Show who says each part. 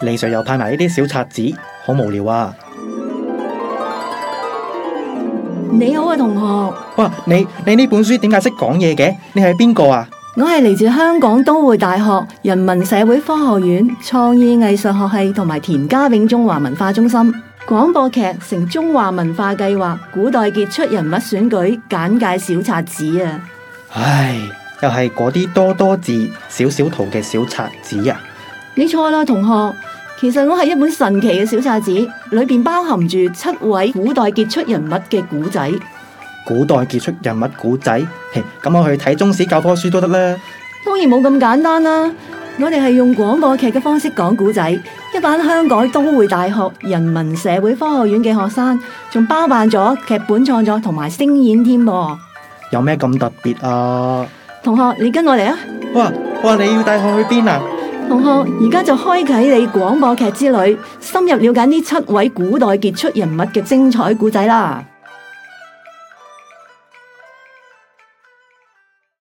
Speaker 1: 李 sir 又派埋呢啲小冊子，好無聊啊！
Speaker 2: 你好啊，同學。
Speaker 3: 哇！你你呢本書點解識講嘢嘅？你係邊個啊？
Speaker 2: 我係嚟自香港都會大學人文社會科學院創意藝術學系同埋田家炳中華文化中心廣播劇成中華文化計劃古代傑出人物選舉簡介小冊子啊！
Speaker 4: 唉，又係嗰啲多多字、少少圖嘅小冊子啊！
Speaker 2: 你錯啦，同學。其實我係一本神奇嘅小冊子，裏邊包含住七位古代傑出人物嘅古仔。
Speaker 3: 古代傑出人物古仔？嘿，咁我去睇中史教科書都得啦。
Speaker 2: 當然冇咁簡單啦。我哋係用廣播劇嘅方式講古仔。一班香港都會大學人文社會科學院嘅學生，仲包辦咗劇本創作同埋聲演添噃。
Speaker 3: 有咩咁特別啊？
Speaker 2: 同學，你跟我嚟啊！哇哇，你要帶我去邊啊？同學，而家就開啟你廣播劇之旅，深入了解呢七位古代傑出人物嘅精彩故仔喇！